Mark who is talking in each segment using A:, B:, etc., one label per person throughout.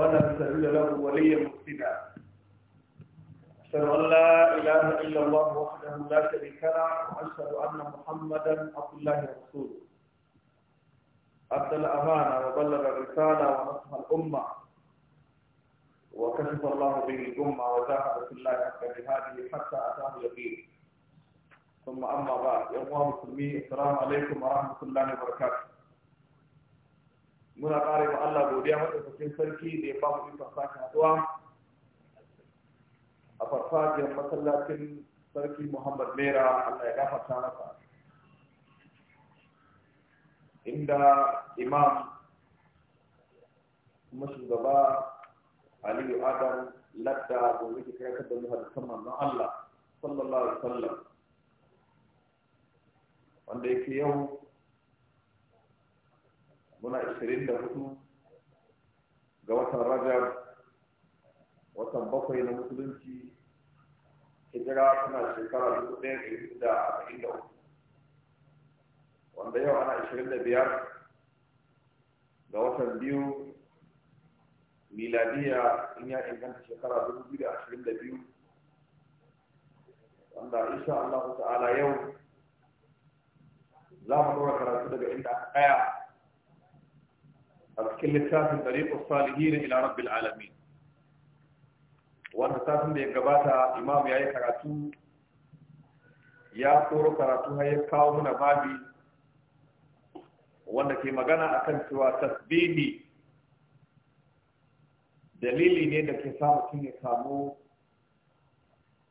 A: فلا تسلل له وليا مفسدا أشهد أن لا إله إلا الله وحده لا شريك له وأشهد أن محمدا عبد الله ورسوله أدى الأمانة وبلغ الرسالة ونصح الأمة وكشف الله به الأمة وجاهد في الله حق
B: جهاده حتى أتاه اليقين
A: ثم أما بعد يا أخوان المسلمين السلام عليكم ورحمة الله وبركاته muna ƙara wa Allah godiya madaukakin sarki da ya ba ikon sake haɗuwa a farfajiyar masallacin sarki Muhammad Mera Allah ya gafarta masa inda imam kuma Aliyu Adam ladda gobe ke karatar da mu hadisan manzon Allah sallallahu alaihi wasallam wanda yake yau muna 24 ga watan rajab watan bakwai na musulunci hijira tana shekara 1443 wanda yau ana 25 ga watan biyu miladiya in ya inganta shekara 2022 wanda insha Allah ta'ala yau za mu dora karatu daga inda aka kaya a cikin littafin tariqus salihin ila rabbil alamin wannan satin da ya gabata imam ya yi karatu ya koro karatu har ya kawo muna babi wanda ke magana akan cewa tasbihi dalili ne da ke sa mutum ya samu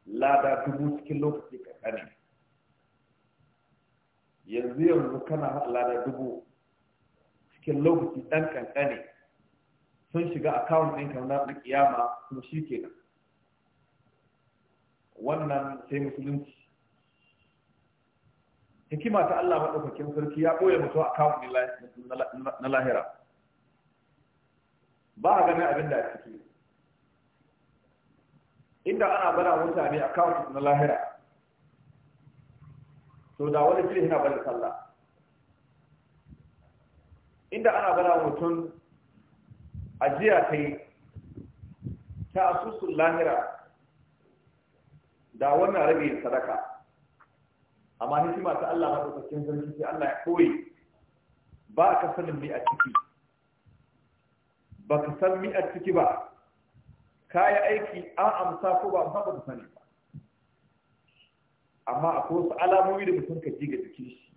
A: lada dubu cikin lokaci kankani yanzu yanzu kana lada dubu cikin lokaci ɗan kankane sun shiga kawon ɗin kan na kiyama kuma shi ke nan. wannan sai musulunci hikima ta Allah maɗaukakin sarki ya ɓoye mutu akawun na lahira ba a ganin abin da ya ciki inda ana bana mutane akawun na lahira to da wani jirgin na bada sallah inda ana gana mutum ajiya ta yi ta asusun lahira da wannan rabe sadaka amma hikima ta Allah maɗaukakin sarki sai Allah ya koyi ba ka sanin mi a ciki ba ka san mi a ciki ba ka yi aiki an amsa ko ba amsa ba ka sani ba amma akwai wasu alamomi da mutum ka ji ga jikin shi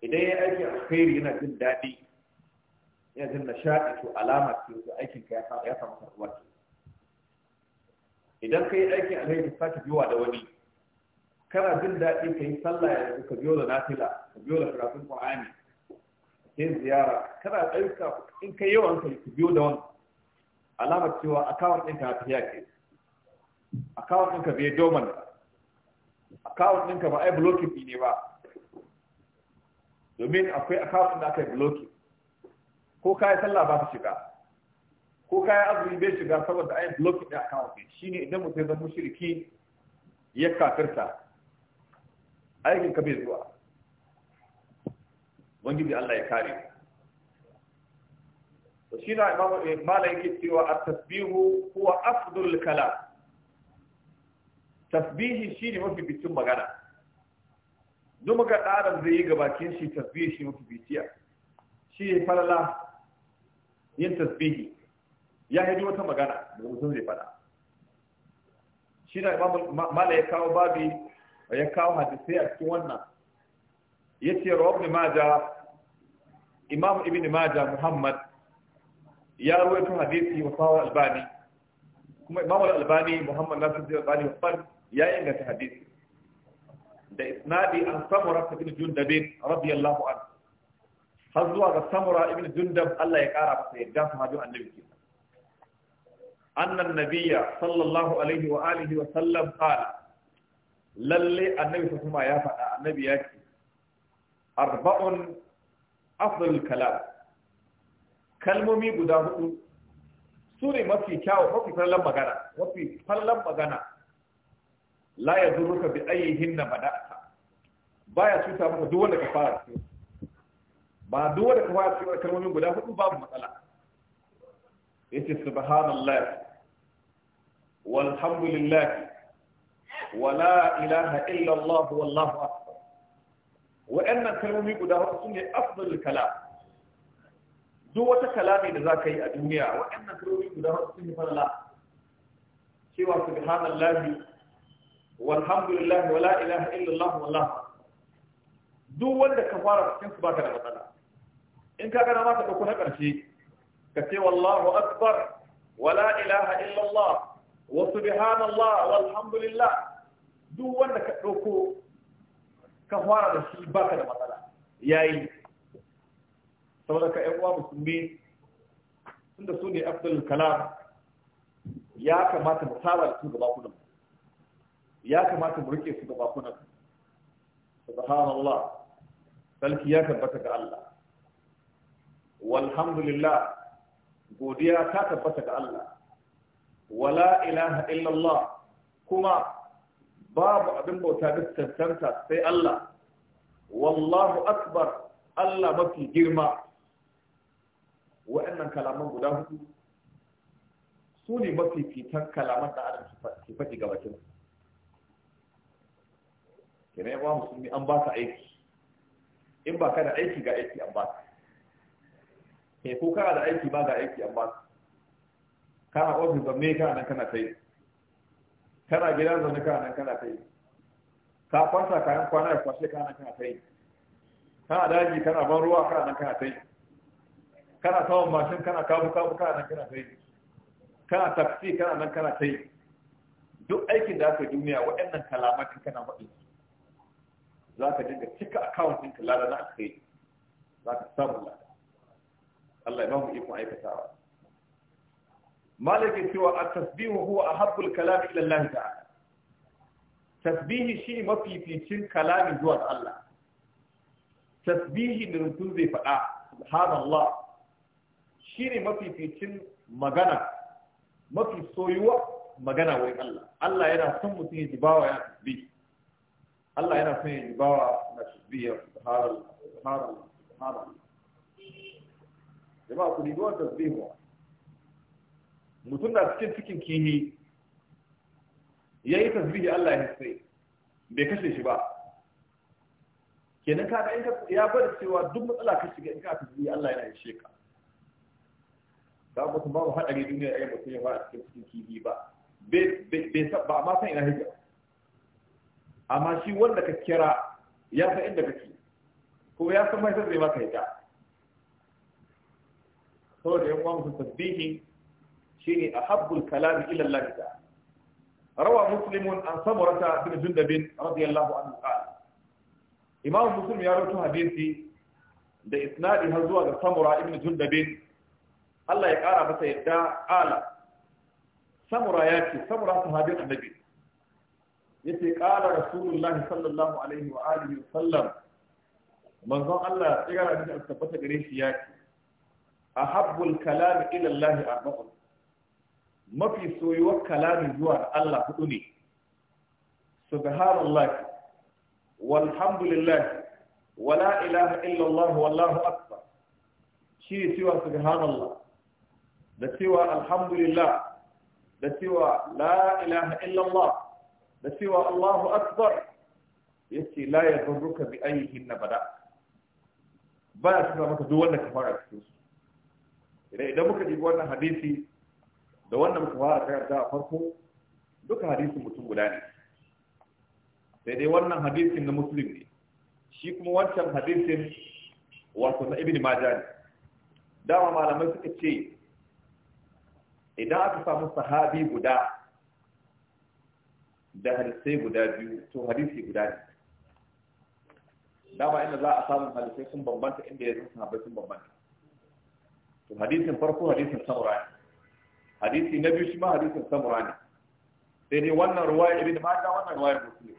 A: idan ya aiki kairi yana jin daɗi yana jin nishaɗi to alama ce da aikin ka ya samu karɓuwa idan ka yi aikin alkhairi ka sake biyowa da wani kana jin daɗi ka yi sallah ya ka biyo da nafila ka biyo da karatun qur'ani ka yi ziyara kana ɗauka in ka yawan ka ka biyo da wani alamar cewa akawun ɗinka ya tafiya ke akawun ɗinka bai doman akawun ɗinka ba ai blocking ne ba domin akwai akawun da aka yi bloki ko kayi sallah ba ta shiga ko kayi azumi bai shiga saboda ayin bloki da akawun ne shine idan mutum zama mushriki ya kafirta aikin ka bai zuwa Wani bi Allah ya kare to shi na imamu eh, malai yake cewa a tasbihu kuwa afdul kala. tasbihi shine mafi bitin magana duk muka ɗaran zai yi gabakin shi tasbihi shi mutu bitiya shi ya falala yin tasbihi ya haidu wata magana da mutum zai fada shi na mala ya kawo babi ya kawo hadisai a cikin wannan ya ce rawar ibn maja imam ibn maja muhammad ya ruwaito hadisi wa sawar albani kuma imam albani muhammad nasir albani wa ya inganta hadisi da isnadi an samura ibn jundab radiyallahu anhu har zuwa ga samura ibn jundab Allah ya kara masa yadda sahabin annabi ke annan nabiyya sallallahu alaihi wa alihi wa sallam qala lalle annabi sa kuma ya faɗa annabi ya ce arba'un afdalul kalam kalmomi guda hudu su ne mafi kyawu mafi farlan magana mafi farlan magana la ya duruka bi ayyihin na Ba ya cuta maka duk wanda ka fara ba duk wanda ka fara cikin kalmomin guda hudu babu matsala yace subhanallah walhamdulillah wala ilaha illa allah wallahu akbar wa'annan kalmomi guda hudu sune afdalul kalam duk wata kalami da zaka yi a duniya wa'annan kalmomi guda hudu sune falala cewa subhanallah. walhamdulillah wala ilaha illallah wallahu duk wanda ka fara cikin su baka da matsala in ka gana ma ka dauko na karshe ka ce wallahu akbar wala ilaha illallah wa subhanallah walhamdulillah duk wanda ka dauko ka fara da shi baka da matsala yayi saboda ka ƴan uwa musulmi tunda su ne afdalul kalam ya kamata mu saba da su gaba kullum ya kamata mu rike su ga bakunan subhanallah salki ya tabbata ga Allah walhamdulillah godiya ta tabbata ga Allah wala ilaha illallah kuma babu abin bauta duk tantanta sai Allah wallahu akbar Allah mafi girma wa'annan kalaman guda hudu su ne mafi fitan kalaman da allah ke faɗi ga bakinsu Yana yan musulmi an ba su aiki in ba ka da aiki ga aiki an ba su. ke eh, ko kana da aiki ba ga aiki an ba su? kana ofis ba me kana nan kana kai kana gida zaune kana nan kana kai ka kwanta kayan kwana ya kwashe kana nan kana kai kana daji kana ban ruwa kana nan kana kai kana tawon mashin kana kabu kabu kana nan kana kai kana taksi kana nan kana kai duk aikin da aka duniya waɗannan kalamatin kana faɗi za ka dinga cika account ɗinka lada na alkhairi za ka samu lada Allah ya ba mu ikon aikatawa malaka cewa a tasbihu huwa ahabbul kalam ila Allah ta'ala tasbihi shi ne mafificin kalamin zuwa Allah tasbihi da mutum zai faɗa subhanallah shi ne mafificin magana mafi soyuwa magana wurin Allah Allah yana son mutum ya ji bawa ya tasbihi Allah yana son ya bawa na tasbiya subhanallah subhanallah subhanallah jama'a ku ribi wannan tasbihu mutum da cikin cikin kihi yi tasbihi Allah ya sai bai kashe shi ba kenan kaga in ya bar cewa duk matsala ka shiga in ka tasbihi Allah yana ishe ka da mutum babu hadari duniya ya yi mutum ya fara cikin cikin kihi ba bai ba ma san ina hijira amma shi wanda ka kira ya san inda kake ko ya san mai zai maka hita saboda yan uwan tasbihi ne a kalam ila Allah ta rawa muslimun an samurata bin jundabin radiyallahu anhu qala imam muslim ya rawaito hadisi da isnadi har zuwa ga samura ibn jundabin Allah ya kara masa yadda ala samura ya ce samura sahabin annabi yace qala rasulullahi sallallahu alaihi wa alihi wa sallam manzon Allah tsira da tabbata gare shi ya ce ahabbul kalam ila Allah arba'un mafi soyuwar kalami zuwa Allah hudu ne subhanallah walhamdulillah wala ilaha illallah wallahu akbar shi ne cewa subhanallah da cewa alhamdulillah da cewa la ilaha illallah da cewa Allahu akbar yace la yadurruka bi ayyihin bada ba ya tuna maka duk wanda ka fara cikin su idan muka ji wannan hadisi da wanda muka fara karanta a farko duka hadisin mutum guda ne sai dai wannan hadisin na muslim ne shi kuma wancan hadisin wato na ibn majah ne dama malamai suka ce idan aka samu sahabi guda da hadisai guda biyu to hadisi guda ne dama inda za a samu hadisai sun bambanta inda ya zama sahabbai sun bambanta to hadisin farko hadisin samura ne hadisi na biyu shi ma hadisin samura ne sai dai wannan ruwaya ibn majah wannan ruwaya muslim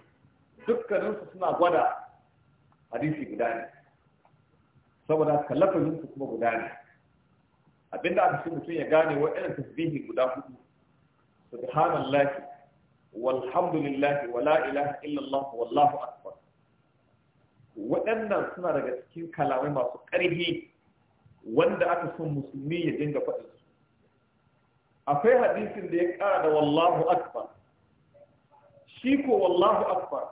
A: dukkanin su suna gwada hadisi guda ne saboda kallafin lafazin su kuma guda ne abinda aka ce mutum ya gane wa irin tasbihi guda hudu subhanallahi walhamdulillahi wa la ilaha illallah wallahu akbar waɗannan suna daga cikin kalamai masu ƙarfi wanda aka son musulmi ya dinga faɗin akwai hadisin da ya ƙara da wallahu akbar shi ko wallahu akbar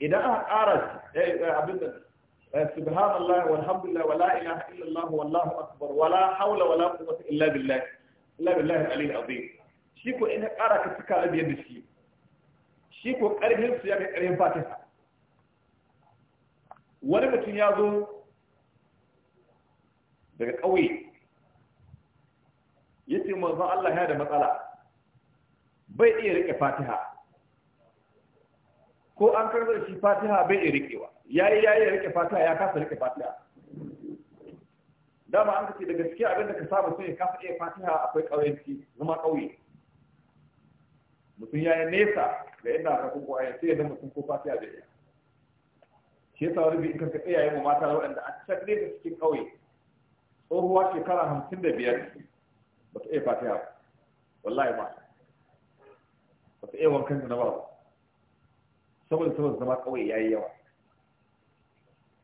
A: idan aka ƙara eh, eh, abin da eh, subhanallah walhamdulillah wala ilaha illallah wallahu akbar wala haula wala quwwata illa billah illa billahi al-aliyyil azim shi ko in ƙara ka suka rabi biyan shi shi ko ƙarfin su ya kai ƙarfin sa wani mutum ya zo daga ƙauye ya ce manzon Allah ya da matsala bai iya riƙe fatiha ko an karɓar shi fatiha bai iya riƙewa ya yi ya riƙe fatiha ya kasa riƙe fatiha dama an kace da gaskiya abinda ka saba sai ya kasa iya fatiha akwai ƙauyenci zama ƙauye mutum ya yi nesa da yadda aka kuku a yanzu yadda mutum ko fatiya a iya shi yasa wani bin ya yi mu mata waɗanda a can da cikin ƙauye tsohuwa shekara hamsin da biyar ba ta iya a ba wallahi ba ba ta iya wankan na ba saboda saboda zama ƙauye ya yi yawa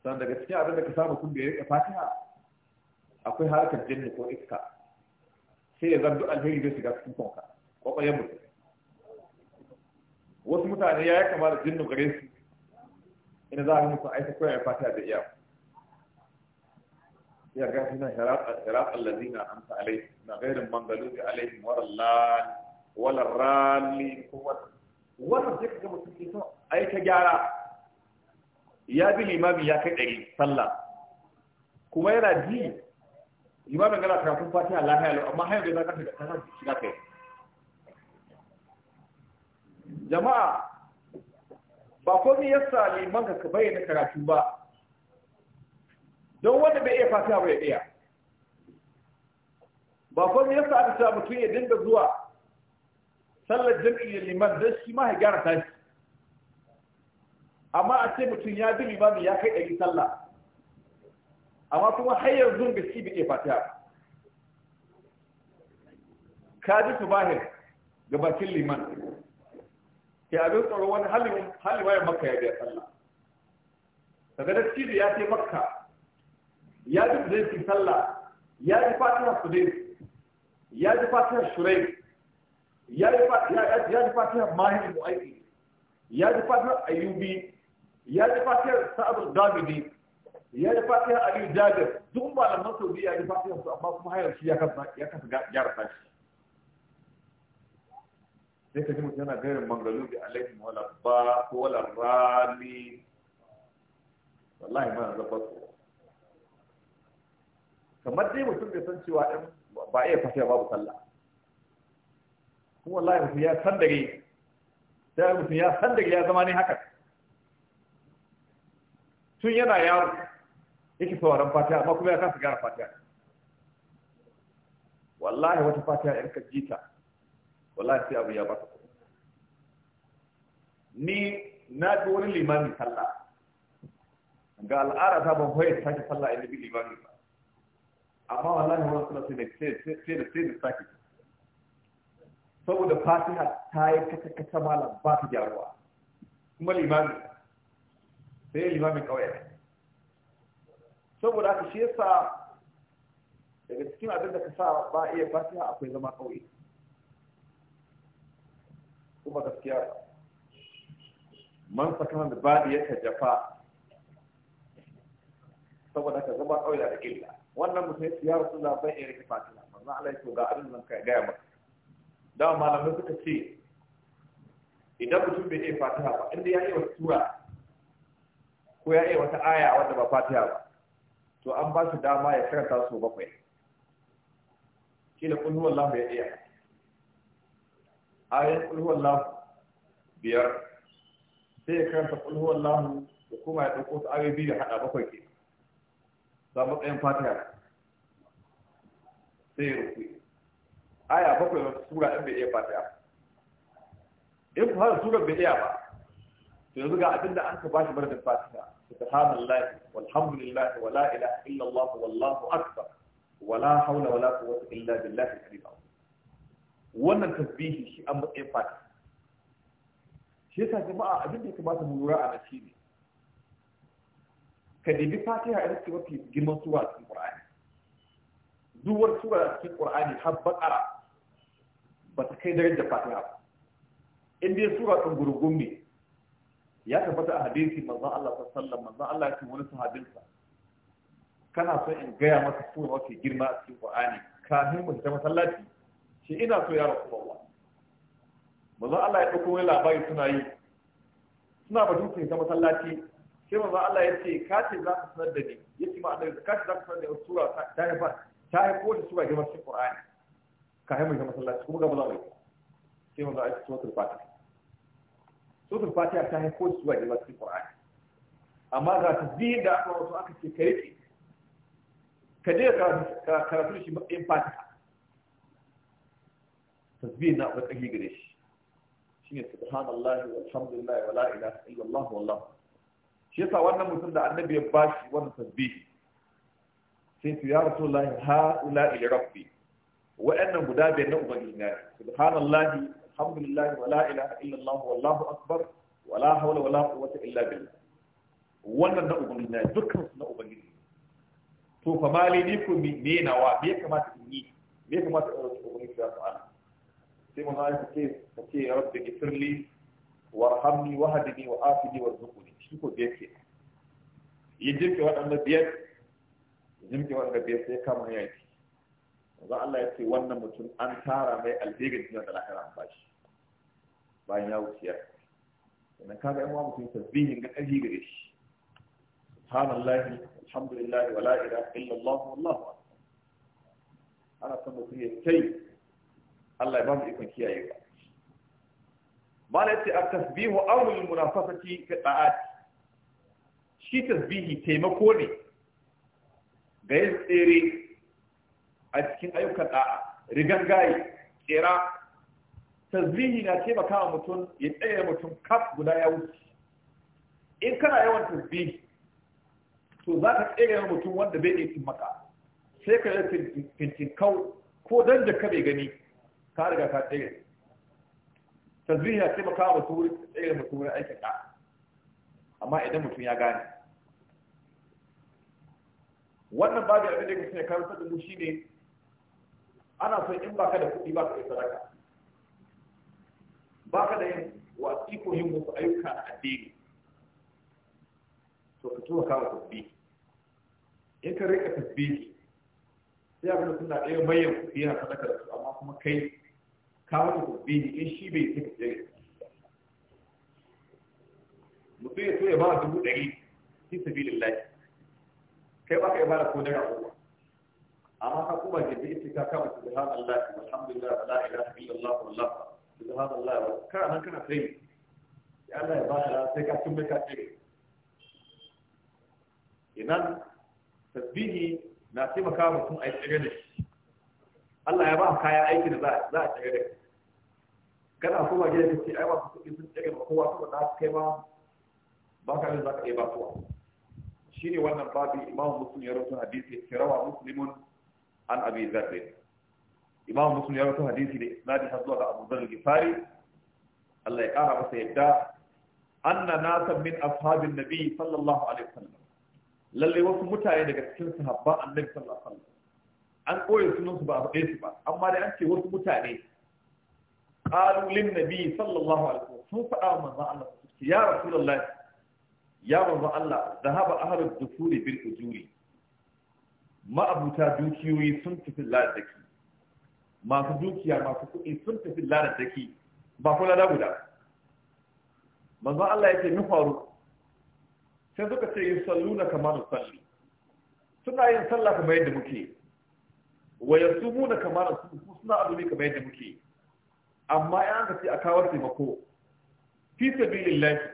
A: sannan daga cikin abin da ka samu kun ya riƙe fatiha akwai harkar jinni ko iska sai ya zan duk alheri zai shiga cikin kanka ƙwaƙwayen mutum wasu mutane ya yi kama da jinnu gare su ina za a yi musu aita koyar fatiha da iya ya ga hina hirat allazina amsa alaihi na ghairin mangalubi alaihi warallan walarrali kuma wannan sai kaga mutum ke son aita gyara ya bi limami ya kai ɗari sallah kuma yana ji limamin gana karatun fatiha lahiya amma hanyar da za ka shiga kai jama'a ba komai yasa liman ka ka bayyana karatu ba don wanda bai iya fata ba ya iya ba komai yasa aka sa mutum ya dinga zuwa sallar jam'i liman don shi ma ya gyara tashi amma a ce mutum ya bi limamin ya kai ɗari sallah amma kuma har yanzu ga shi bai fata ka ji su bahir ga bakin liman ya abin tsoro wani halin halin makka ya biya sallah daga da cibi ya ce makka ya ji zai fi sallah ya ji fatiha sudai ya ji fatiha shurai ya ji fatiha mahim mu'aiki ya ji fatiha ayyubi ya ji fatiha sa'adul damidi ya ji fatiha aliyu jabir duk malaman saudiya ya ji fatiha su amma kuma hayar shi ya kasa gyara shi. sai ka ji mutum yana gairin mangalu bi alaihi wala ba ko wala rami wallahi ma zaba ko kamar dai mutum bai san cewa in ba iya fasiya babu sallah kuma wallahi mutum ya san dare sai mutum ya san dare ya zama ne haka tun yana yaro yake sauraron fatiya amma kuma ya kasa gara fatiya wallahi wata fatiya yanka ka jita wallahi sai abu ya ba ni na ji wani limami sallah ga al'ada ta ban hoye sake sallah inda bi limami ba amma wallahi wani suna sai da sai da sai da sake saboda fatiha ta yi kasa
B: kasa malam
A: ba ta gyaruwa kuma limami sai limamin kawai saboda aka shi yasa daga cikin abin da ka sa ba iya fatiha akwai zama kawai kuma gaskiya ba man sakaman da baɗi ya jafa saboda ka zama ƙauya da illa wannan mutum ya siya rasu da bai iya rike fatina manzan Allah ya ga abin nan kai gaya maka da malamai suka ce idan mutum bai iya fatiha ba inda ya iya wata tura ko ya iya wata aya wanda ba fatiha ba to an ba shi dama ya karanta su bakwai kila kullu wallahu ya iya ayat kulhuwallahu biyar sai ya karanta kulhuwallahu da kuma ya ɗauko su ayoyi da ya haɗa bakwai ke za mu matsayin fatiha sai ya rufu aya bakwai wata sura ɗin bai iya fatiha in ku hada surar bai iya ba to yanzu ga abinda an ka bashi barin fatiha subhanallahi walhamdulillahi wala ilaha illallah wallahu akbar wala hawla wala quwwata illa billahi al-aliyyil azim wannan tasbihi shi an matsayin fata shi yasa jama'a abin da ya kamata mu lura a shi ne ka dibi fatiha ita ce mafi girman suwa cikin qur'ani duwar sura a cikin qur'ani har baqara ba ta kai darajar fatiha ba in dai sura tun gurgun ne ya tabbata a hadisi manzon Allah sallallahu manzon Allah ya ce wani sahabinsa kana so in gaya maka suwa mafi girma a cikin qur'ani kafin mu ta masallaci ce ina so ya rasulullah manzo Allah ya ɗauko wani labari suna yi suna ba dutse ta masallaci sai manzo Allah ya ce ka za ka sanar da ni ya ce ma annabi ka za ka sanar da ni sura ta haifa ta da sura qur'ani ka ta masallaci kuma ga ba mu yi sai manzo Allah ya ce suratul fatiha suratul fatiha ta haifo da sura girman cikin qur'ani amma ga ta biyu da aka wasu aka ce ka rike ka je karatu shi in fatiha tasbih na da kahi gare shi shine subhanallahi walhamdulillahi wala ilaha illallah wallahu shi yasa wannan mutum da annabi ya bashi wannan tasbih sai to ya rasulullahi ha ula ila rabbi wa'annan guda biyar na ubangiji na subhanallahi alhamdulillahi wala ilaha illallah wallahu akbar wala hawla wala quwwata illa billah wannan na ubangiji na dukkan na ubangiji to fa mali ni ku me nawa me kamata in yi me kamata in yi ubangiji subhanahu wa ta'ala سيما نايف كيف كي يا رب اغفر لي وارحمني واهدني وآفني وارزقني شكو بيت كيف يجب كي وانا بيت يجب كي وانا بيت سيكا من يأتي وضع الله يتي وانا متن انتارا مي البيغة دينا دلاحي رمباش باي ناو سيار انا كان اموا متن تذبيه انك اجيغ ريش سبحان الله الحمد لله ولا إله إلا الله والله أنا سمو فيه سيد Allah ya ba mu ikon kiyaye ba. mala yace a tasbihu awlul munafasati fi ta'at. shi tasbihi taimako ne ga yin tsere a cikin ayyukan da'a rigangaye tsira tasbihi na taimakawa mutum ya tsaye mutum kaf guda ya wuce in kana yawan tasbihi to za ka tsere mutum wanda bai iya maka sai ka yi fintinkau ko dan da ka bai gani ka riga ka tsere tasbihi na taimaka wa turi tsere mutum wurin aikin ka amma idan mutum ya gane wannan babu abin da yake kan sa dubu shi ne ana son in baka da kuɗi baka da sadaka baka da yin wasi ko yin wasu ayyuka a addini to ka tuwa kawo tasbihi in ka rika tasbihi sai abin da suna ɗaya bayan kuɗi yana sadaka da su amma kuma kai kawo da binciken shi bai saka jere mutum ya so ya ba dubu ɗari fi sabilin lafi kai ba ka ibada ko naira uku amma ka kuma jibi ita ka kama su zuhar Allah alhamdulillah la ilaha illallah wallah su zuhar Allah wa kana nan kana sai ya Allah ya ba ka sai ka tumbe ka ce inan tasbihi na taimaka mutum a yi tsire da shi Allah ya ba kayan aiki da za a tsare da kai kana kuma gida ka ce ai wasu kuɗi sun tsare ma kowa saboda za kai ma ba ka yin za ka iya ba kowa ne wannan babu imamu muslim ya rawaito hadisi kirawa musulmin an abi zarrin imamu muslim ya rawaito hadisi ne. isnadi har zuwa ga abu zarrin gifari Allah ya ƙara masa yadda anna nasan min ashabin nabi sallallahu alaihi wasallam lalle wasu mutane daga cikin sahabban annabi sallallahu alaihi wasallam an koye sunansu ba a faɗe su ba amma dai an ce wasu mutane ƙalulin nabi sallallahu alaihi wasallam sun
B: faɗa manzon Allah
A: su ya rasulullahi ya manzon Allah zahaba ahlud dukuri bil ujuri ma'abuta dukiyoyi sun tafi ladaki masu dukiya masu kuɗi sun tafi ladaki ba kula da guda manzon Allah yake mi faru sai suka ce yusalluna kamar sallu suna yin sallah kamar yadda muke da yasumuna su su suna azumi kamar yadda muke amma ya ga sai a kawar taimako fi waya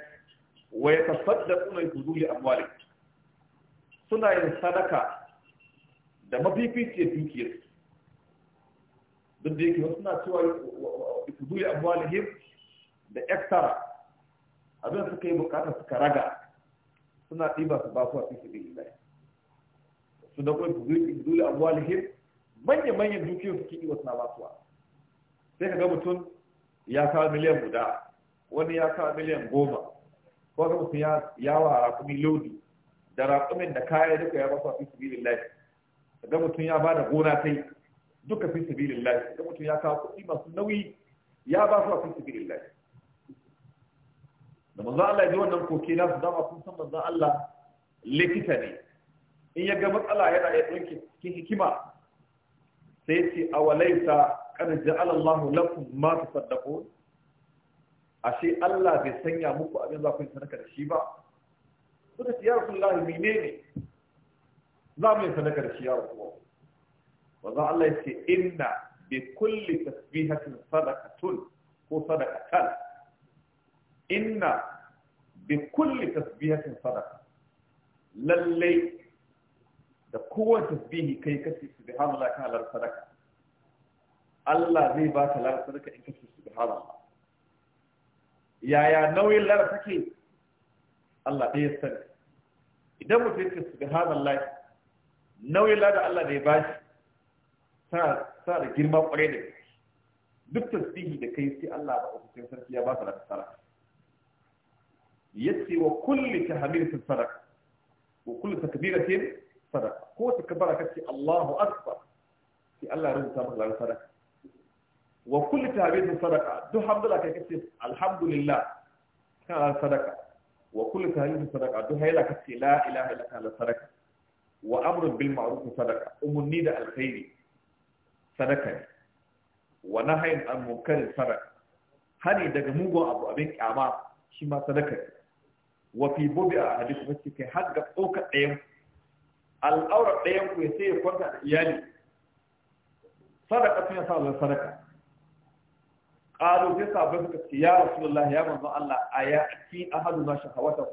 A: wa yatasaddaquna bi fuduli amwalik suna yin sadaka da mafificiyar dukiyar duk da yake suna cewa yi bi fuduli amwalihim da extra abin suka yi bukata suka raga suna ɗiba su ba su a fi sabilillah su da kuma bi fuduli amwalihim manya-manyan dukiyar suke iya wasu na sai ka ga mutum ya kawo miliyan guda wani ya kawo miliyan goma ko ga mutum ya wa rakumi lodi da rakumin da kaya duka ya basuwa fi sabilin lafi ga mutum ya bada gona sai duka fi sabilin lafi ga mutum ya kawo kuɗi masu nauyi ya ba su a fi sabilin lafi da manzo Allah ya ji wannan koke na su dama sun san manzo Allah likita ne in ya ga matsala yana ya ɗauke cikin hikima sai ce a walaita kada ja'ala Allah lakum ma tasaddaqun ashe Allah bai sanya muku abin za ku yi sadaka da shi ba suka ce ya Rasulullahi ne. za mu yi sadaka da shi ya ba. wanzu Allah ya ce inna bi kulli tasbihatin sadaqatun ko sadakatan inna bi kulli tasbihatin sadaqa lallai da kowane tasbihi kai kace subhanallah kana lar sadaka Allah zai ba ka lar sadaka in kace subhanallah yaya nauyin lar take Allah ɗaya san idan mutum ya ce subhanallah nauyin lar da Allah zai ya bashi sa sa da girma kware da duk tasbihi da kai sai Allah ba ofishin sarki ya ba ka lar sadaka yace wa kulli tahmilatin sadaka wa kulli takbiratin sadaka ko ta kabara ce Allahu akbar sai Allah ya rubuta maka ladan sadaka wa kulli tahmidin sadaka duk hamdala kai kace alhamdulillah kana ladan sadaka wa kulli tahmidin sadaka duk hayla kace la ilaha illa kana sadaka wa amrun bil ma'ruf sadaka umunni da alkhairi sadaka ne wa nahyin an munkar sadaka hani daga mugun abu abin kyama shi ma sadaka ne wa fi bubi a hadisi wacce kai har ga tsoka ɗayan الأورق ديان كويسية كنت إيالي يعني. صدقة فينا صلى الله عليه وسلم قالوا جيسا بذكت يا رسول الله يا من ظل الله أيا أكين أحد ما شخوته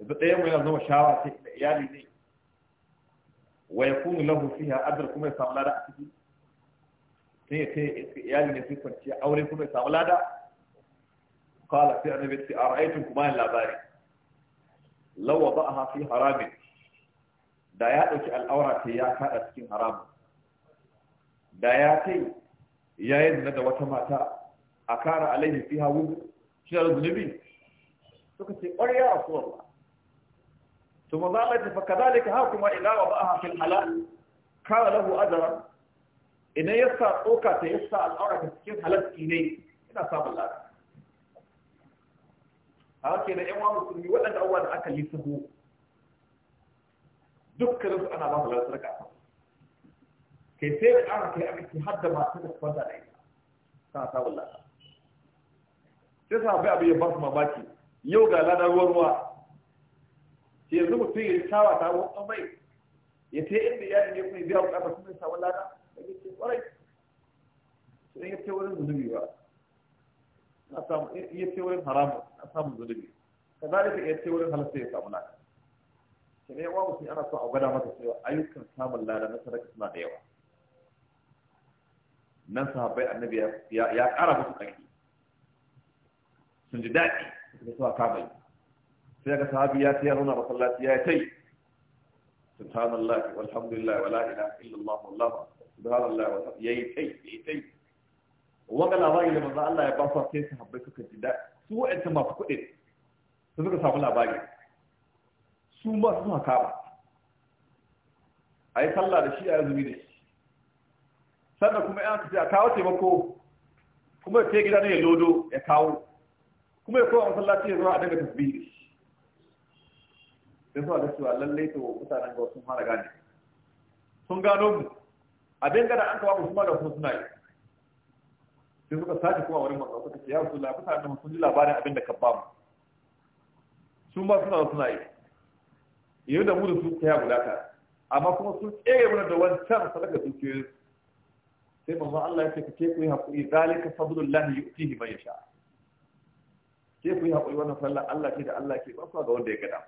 A: بقيم من الظلم الشعوة إيالي يعني دي ويكون له فيها أدر كم يسام لا رأس دي تيه تيه إيالي نفسي كنت أولي كم يسام لا قال في أنا بيتي أرأيتم كمان لا باري لو وضعها في حرامك da ya ɗauki al'aura ta ya kaɗa cikin haramun da ya kai ya yi zina da wata mata a kara alaihi fi hawu shi da zunubi suka ce ƙwarya a suwar ba to ma za a tafi ka zalika ha kuma ila wa ba a hafin halal kara lahu azara idan ya sa tsoka ta ya sa al'aura ta cikin halal ne ina samun lada a haka da yan wa musulmi waɗanda abubuwa da aka lissaho dukkanin su ana ba su lalata ka kai sai da ana kai aka
B: har da masu da kwanta da ita sana ta wallata
A: sai sa bai abin ya ba su mamaki yau ga lada ruwan ruwa yanzu mutum ya shawa ta ruwan tsamai ya ce inda ya ne kuma ya biya bukata kuma ya samu lada da ke kwarai sai ya ce wurin zunubi ba ya ce wurin haramun na samun zunubi kazalika ya ce wurin halatta ya samu lada ta ne yawa mutum ana so a gwada mata cewa ayyukan samun lada na sadaka suna da yawa nan sahabbai annabi ya ƙara musu ƙarfi sun ji daɗi suka suka kama yi sai ga sahabi ya ce ya nuna masallaci ya ce subhanallah walhamdulillah wala ilaha illallah wallahu subhanallah wa yayi tai yi tai wanda labari da manzo Allah ya ba su sai sahabbai suka ji daɗi su wa'anta masu kuɗi su suka samu labari su ba su haka ba a yi sallah da shi a yanzu da shi sannan kuma yan kace a kawo taimako kuma ya ce gida ne ya lodo ya kawo kuma ya kowa masallaci ya zuwa a daga tafi da shi sai zuwa da cewa lallai to mutanen ga sun fara gane sun gano mu abin gada an kawo musu ma da suna yi sai suka sace kuma wurin manzo suka ce ya rasu la mutanen sun ji labarin abin da ka ba mu su ma suna suna yi yau da mudu sun kaya guda ka amma kuma sun tsere mana da wancan sadaka dukiyoyin sai manzo Allah ya ce ka ke ku yi haƙuri zalika fadlullahi yu'tihi man yasha ke ku yi haƙuri wannan sallah Allah ce da Allah ke ba ku ga wanda ya gada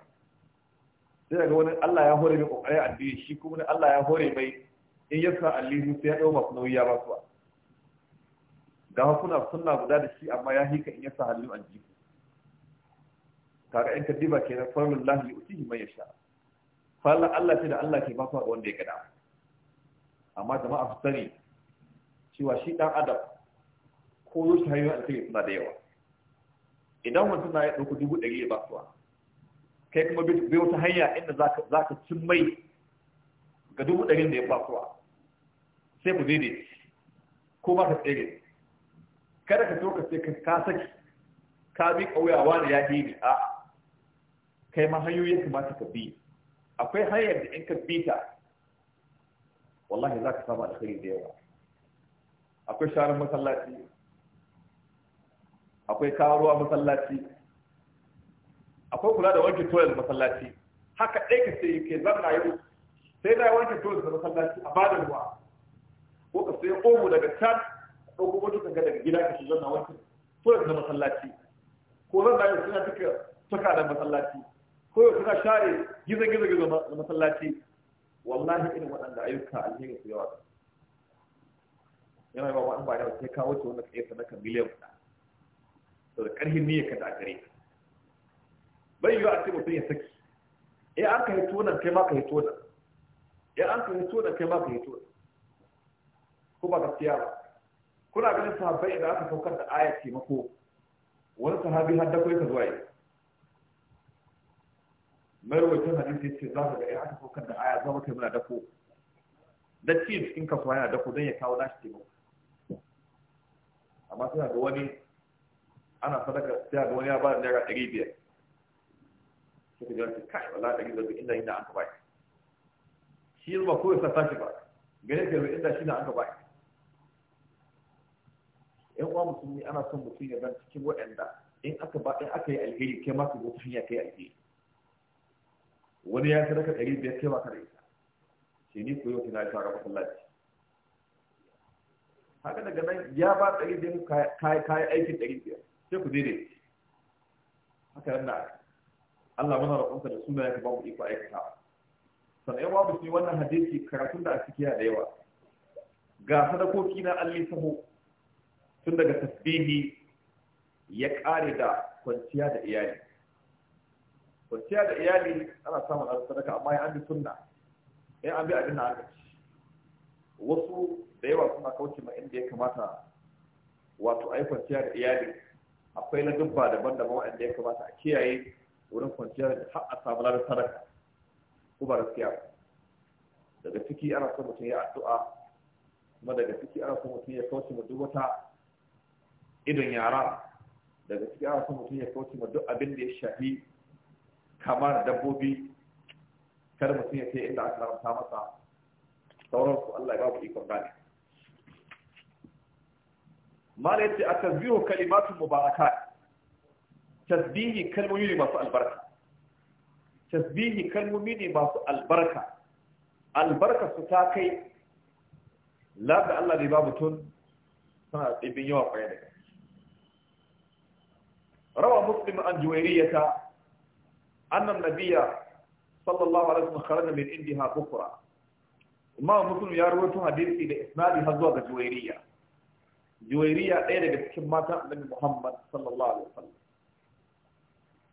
A: sai daga wani Allah ya hore mai kokarin addini shi kuma Allah ya hore mai in ya sa alihu sai ya dau masu nauyi ya ba su ga kuna sunna guda da shi amma ya hika in ya sa hallin aljihu kaga in ka diba kenan yi yu'tihi man yasha fallan Allah ce da Allah ke ba su wanda ya gada amma jama'a su sani cewa shi dan adam ko yoshi hanyoyin alkhairi suna da yawa idan mutum na ya ɗauki dubu ɗari ya basuwa, kai kuma bai wata hanya inda za ka cin mai ga dubu ɗarin da ya basuwa sai ku daidai ko ba ka tsere kada ka toka sai ka saki ka bi ƙauyawa da ya ne a kai ma hanyoyin kamata ka bi akwai hanyar da in ka bita wallahi za ka samu alkhairi da yawa akwai sharar masallaci akwai karuwa masallaci akwai kula da wanke toyar masallaci haka ɗaya ka sai ke zanna yau sai na wanke toyar da masallaci a bada ruwa ko ka sai omo daga can ɗauko wani daga daga gida ka shi zanna wanke toyar da masallaci ko zanna yau suna duka suka da masallaci ko suna share gizo gizo gizo na masallaci wallahi irin waɗanda ayyuka alheri su yawa yana wa an ba da sai kawo ce wanda ka yi kan miliyan kuɗa to da ƙarfin niyyar ka da gare bai yiwu a ce mutum ya saki eh an ka yi tona kai ma ka yi tona. eh an ka yi tona kai ma ka yi tona. ko ba gaskiya ba kuna ganin sahabbai idan aka saukar da ayat taimako wani sahabi har da ka zuwa yi marwacin hadisi ce za ka ga ya aka saukar da aya za mu kai muna dako datti cikin kasuwa yana dako don ya kawo nashi taimako amma suna ga wani ana sadaka sai ga wani ya ba da naira ɗari biyar suka ji wani kai wala ɗari zai inda inda an ka baki shi zuba ko ya sata shi ba gane ke yi inda shi na an ka baki yan uwa musulmi ana son mutum ya zan cikin waɗanda in aka ba in aka yi alheri kai ma ka zo ta hanya kai alheri wani ya sadaka ɗari biyar kai baka da ita ce ni ko yau kina ta rafa sallaci haka daga nan ya ba ɗari biyar kai kai aikin ɗari biyar sai ku daidai haka yadda Allah mana roƙonka da suna ya ka babu iko aikata sannan yan babu shi wannan hadisi karatun da a ciki ya da yawa ga sadakoki na alli saho tun daga tasbihi ya ƙare da kwanciya da iyali kwanciya da iyali ana samun arziki sadaka amma ya ambi sunna ya ambi abin da aka wasu da yawa suna kauce ma inda ya kamata wato ai kwanciya da iyali akwai na dubba daban-daban wanda ya kamata a kiyaye wurin kwanciya da har a samu lalar sadaka ko ba gaskiya daga ciki ana son mutum ya addu'a kuma daga ciki ana son mutum ya kauce ma duk wata idon yara daga ciki ana son mutum ya kauce ma duk abin da ya shafi kama da dabbobi kada mutum ya ce inda aka haramta masa sauransu Allah ya babu ikon gane mala yace a tasbihu kalimatun mubarakat tasbihi kalmomi ne masu albarka tasbihi kalmomi ne masu albarka albarka su ta kai lafi Allah ne babu tun suna ɗibin yawa kwaye da rawa muslim an juwairiyata أن النبي صلى الله عليه وسلم خرج من عندها بكرة ما مسلم يا حديث حديثي لإسنادي هزوة جويرية جويرية أين بتكمات النبي محمد صلى الله عليه وسلم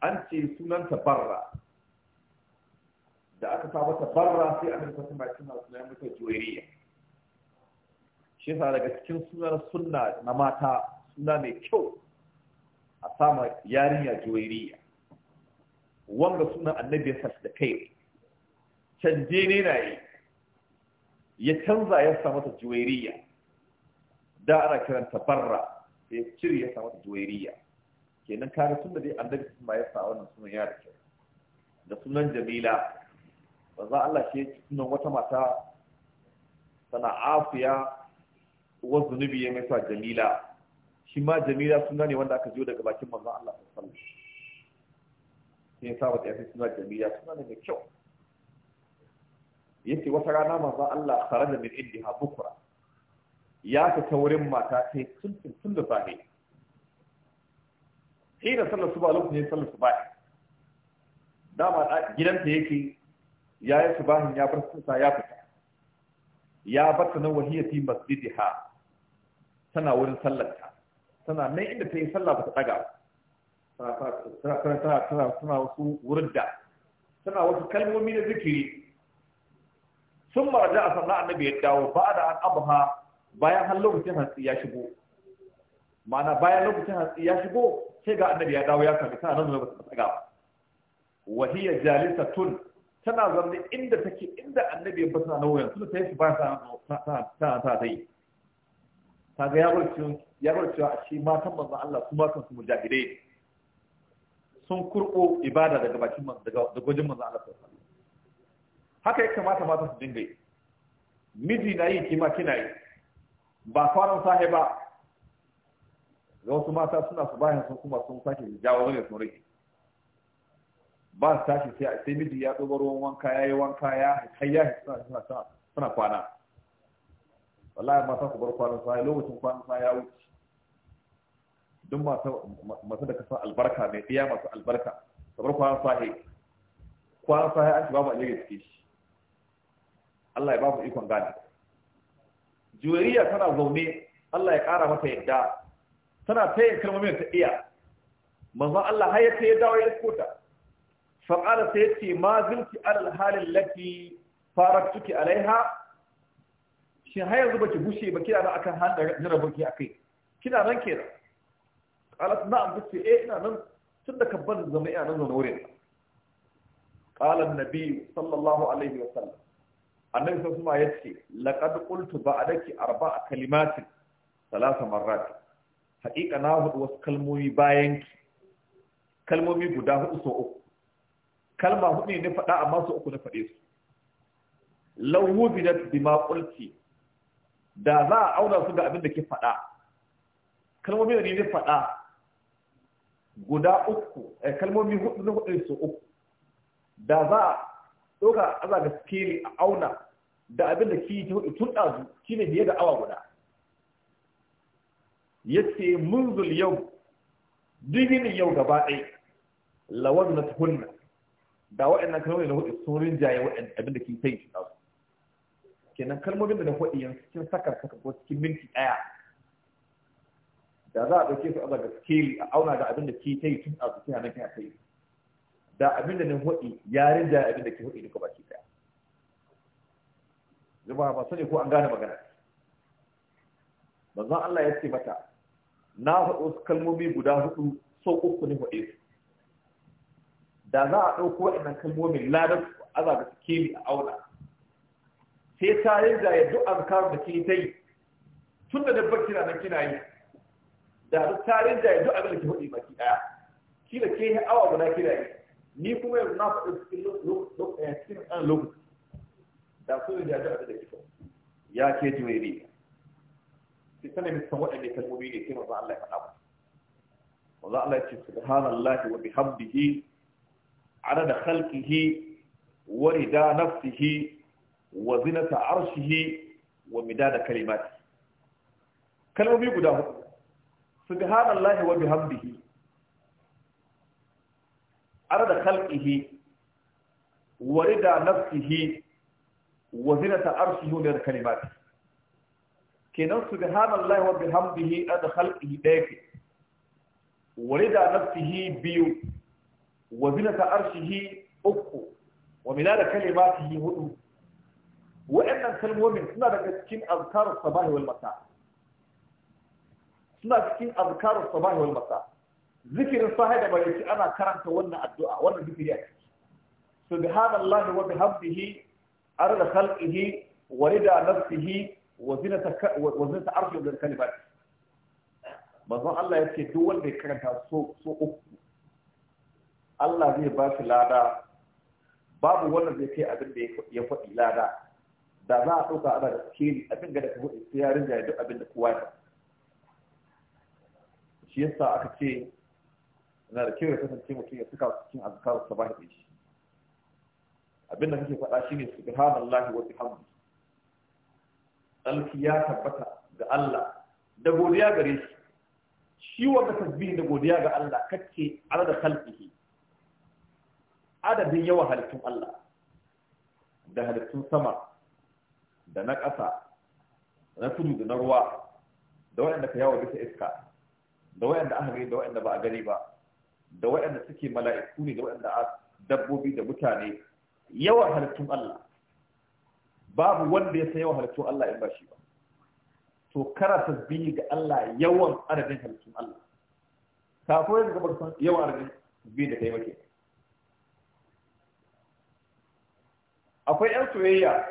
A: أنت سنن تبرع da aka sa mata barra
B: sai an rufe sama suna
A: suna mata juwairiya shi yasa daga cikin sunan sunna na mata suna mai kyau a sama yarinya juwairiya wanga sunan annabi ya da kai canje ne na yi ya canza ya sa ta juwairiya da ana kiranta barra ya cire ya sa ta juwairiya kenan kare tun da dai annabi sun ba ya sa wannan sunan ya da kyau da sunan jamila ba za Allah shi sunan wata mata tana afiya wa zunubi ya mai sa jamila shi ma jamila suna ne wanda aka jiyo daga bakin manzon Allah sallallahu alaihi wasallam sai ya saba tafi suna jami'a suna da kyau yace wata rana manzon Allah kharaja min indiha bukra ya fita wurin mata ta tun tun tun da safe hina sallar ba lokacin sallar ba dama gidanta yake ya yi subahin ya bar kusa ya fita ya bata nan wahiyati fi masjidiha tana wurin sallar ta. tana nan inda ta yi sallah ba ta daga suna wasu wurda Tana wasu kalmomi na zikiri sun maraja a sannan annabi ya dawo ba da an abu ha bayan har lokacin hatsi ya shigo Mana bayan lokacin hatsi ya shigo sai ga annabi ya dawo ya sami tana nan wasu ta tsaga ba wahiya jalisatun tana zanne inda take inda annabi ya bata na wayan tun ta yi ba ta ta ta ta yi ta ga ya bar cewa a ma matan manzon Allah kuma kan kansu mujahidai sun kurɓo ibada daga bakin daga gwajin manzan Allah sallallahu alaihi haka ya kamata mata su dinga yi miji na yi kima kina yi ba kwanan sahi ba ga wasu mata suna su bayan sun kuma sun sake jawo wani sun rike ba su tashi sai miji ya tsoba ruwan wanka ya yi wanka ya kai ya suna kwana wallahi mata ku bar kwanan sahi lokacin kwanan sahi ya wuce duk masu da kasar albarka mai ɗaya masu albarka kamar kwanan sahi kwanan sahi an shi babu a jirgin suke shi Allah ya ba mu ikon gane juwariya tana zaune Allah ya ƙara mata yadda tana ta yin kalmomin ta iya manzo Allah har ya ta ya dawo ya kota fa qala sai ce ma zilki alal halin lati faraktuki alaiha shin har yanzu baki bushe ba kina nan akan hanɗa da rabon ki akai kina nan kenan qalat na'am ce eh ina nan tun da kabban zama ina nan zaune wurin qala an-nabi sallallahu alaihi wa sallam annabi sallallahu alaihi wa sallam yace laqad qultu ba'daki arba'a kalimatin thalatha marrat haqiqa na hudu wasu kalmomi bayan ki kalmomi guda hudu so uku kalma hudu ne faɗa amma so uku na da za a auna su da abin da ke faɗa Kalmomi da ne faɗa guda uku eh, kalmomi hudu na hudu su uku da za a ɗauka za ga skeli a auna da abin da ki ta hudu tun ɗazu shi ne biye da awa guda ya ce mun zul yau dubin yau gaba ɗai lawan na tuhunna da waɗannan kalmomi na hudu sun rinjaye waɗannan abin da ki ta yi shi ɗazu kenan kalmomin da na hudu yanzu cikin sakar saka ko cikin minti ɗaya da za a ɗauke su a daga skeli a auna da abin da ke ta yi tun a kina nan kina kai da abin da nan hoɗi ya rinja abin da ke hoɗi duka baki ɗaya. Zuba ba sani ko an gane magana manzon Allah ya ce mata na haɗo kalmomi guda hudu sau uku ne haɗe su da za a ɗauko waɗannan kalmomin ladar a zaga skeli a auna sai ta rinja ya duk azkar da ke ta yi tun da dabbar kina na kina yi da duk tarin da duk abin da ke faɗi baki ɗaya da ke awa guda kira yi ni kuma yanzu na faɗi cikin eh, ɗan lokaci da su da duk abin da ke faɗi ya ke juweri ki sanar da san waɗanne kalmomi ne sai manzo Allah ya faɗa ba manzo Allah ya ce subhanallahi wa bihamdihi adada khalqihi wa rida nafsihi wa zinata arshihi wa midada kalimati kalmomi guda hudu subhanallahi wa bihamdihi arada khalqihi wa rida nafsihi wa zinata arshihi min kalimati kenan subhanallahi wa bihamdihi arada khalqihi dake wa rida nafsihi biyu wa zinata arshihi uku wa milada kalimatihi hudu wa'annan kalmomin suna daga cikin azkarus sabahi wal suna cikin azkarus sabahi wal masa zikirin sahi da bayyaci ana karanta wannan addu'a wannan zikiri a ciki subhanallahi wa bihamdihi arda khalqihi wa rida nafsihi wa zinata wa zinata arshi wal kalimat manzon Allah ya ce duk wanda ya karanta so so uku Allah zai ba shi lada babu wanda zai kai abin da ya faɗi lada da za a ɗauka ana da skeli abin ga da ka faɗi sai ya rinjaye duk abin da kowa ya faɗi shi yasa aka ce na da kyau ya kasance mutum ya suka cikin azkar sabah da shi abinda kake faɗa shine subhanallahi wa bihamdihi alki ya tabbata ga Allah da godiya gare shi shi wanda tasbihi da godiya ga Allah kake adada khalqihi adadin yawan halittun Allah da halittun sama da na ƙasa na tudu da na ruwa da waɗanda ka yawo bisa iska da waɗanda aka gani da waɗanda ba a gani ba da waɗanda suke mala'iku ne da waɗanda dabbobi da mutane yawan halittun Allah babu wanda ya san yawan halittun Allah in ba shi ba to kara biyu ga Allah yawan adadin halittun Allah ta ko yanzu ba san yawan adadin tasbihi da kai ba ke akwai yan soyayya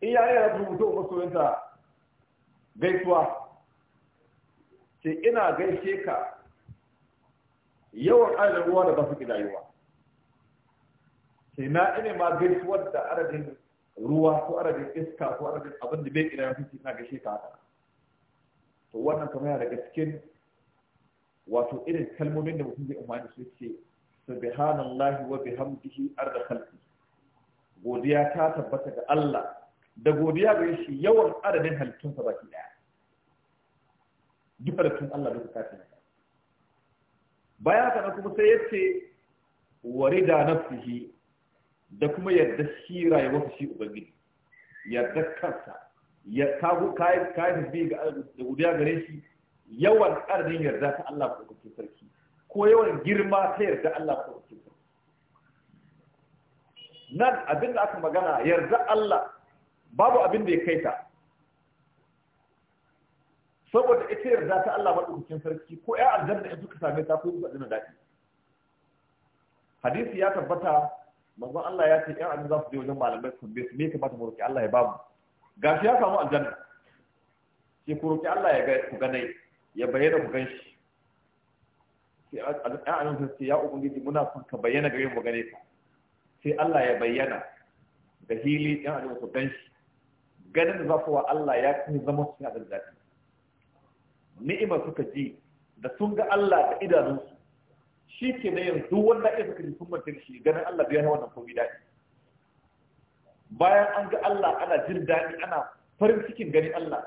A: in yare da rubuta masoyinta gaisuwa ce ina gaishe ka yawan adadin ruwa da ba su kidayuwa sai na ina ma gaisuwar da adadin ruwa ko adadin iska ko adadin abin da bai kidayuwa suke na gaishe ka haka to wannan kamar yana daga cikin wato irin kalmomin da mutum zai umarni su ce subhanallahi wa bihamdihi arda khalqi godiya ta tabbata ga Allah da godiya ga shi yawan adadin halittunsa baki daya da halittun Allah duka ka. Baya ka na kuma sai yace warida nafsihi da kuma yadda shi rayuwar shi ubangiji yadda kansa ya kago kai kai bi ga da gudiya gare shi yawan karnin yarda ta Allah ko kuke sarki ko yawan girma ta yarda Allah ko kuke sarki nan abin da aka magana yarda Allah babu abin da ya kai ta saboda ita yarda ta Allah madaukakin sarki ko ya aljanna in suka same ta ko suka dina dadi hadisi ya tabbata manzon Allah ya ce ƴan annabi za su je wajen malamai su tambaye su me kamata mu roki Allah ya Ga gashi ya samu aljanna sai ku roki Allah ya ga ku ganai ya bayyana ku ganshi sai ƴan annabi sai ya ubangiji muna son ka bayyana gare mu gane ka sai Allah ya bayyana da hili ƴan annabi su ganshi ganin da za su wa Allah ya kuma zama su a daɗi ni'ima suka ji da sun ga Allah da idanunsu shi ke na yanzu wanda ya suka ji sun manta shi ganin Allah biya na wannan komi daɗi bayan an ga Allah ana jin daɗi ana farin cikin ganin Allah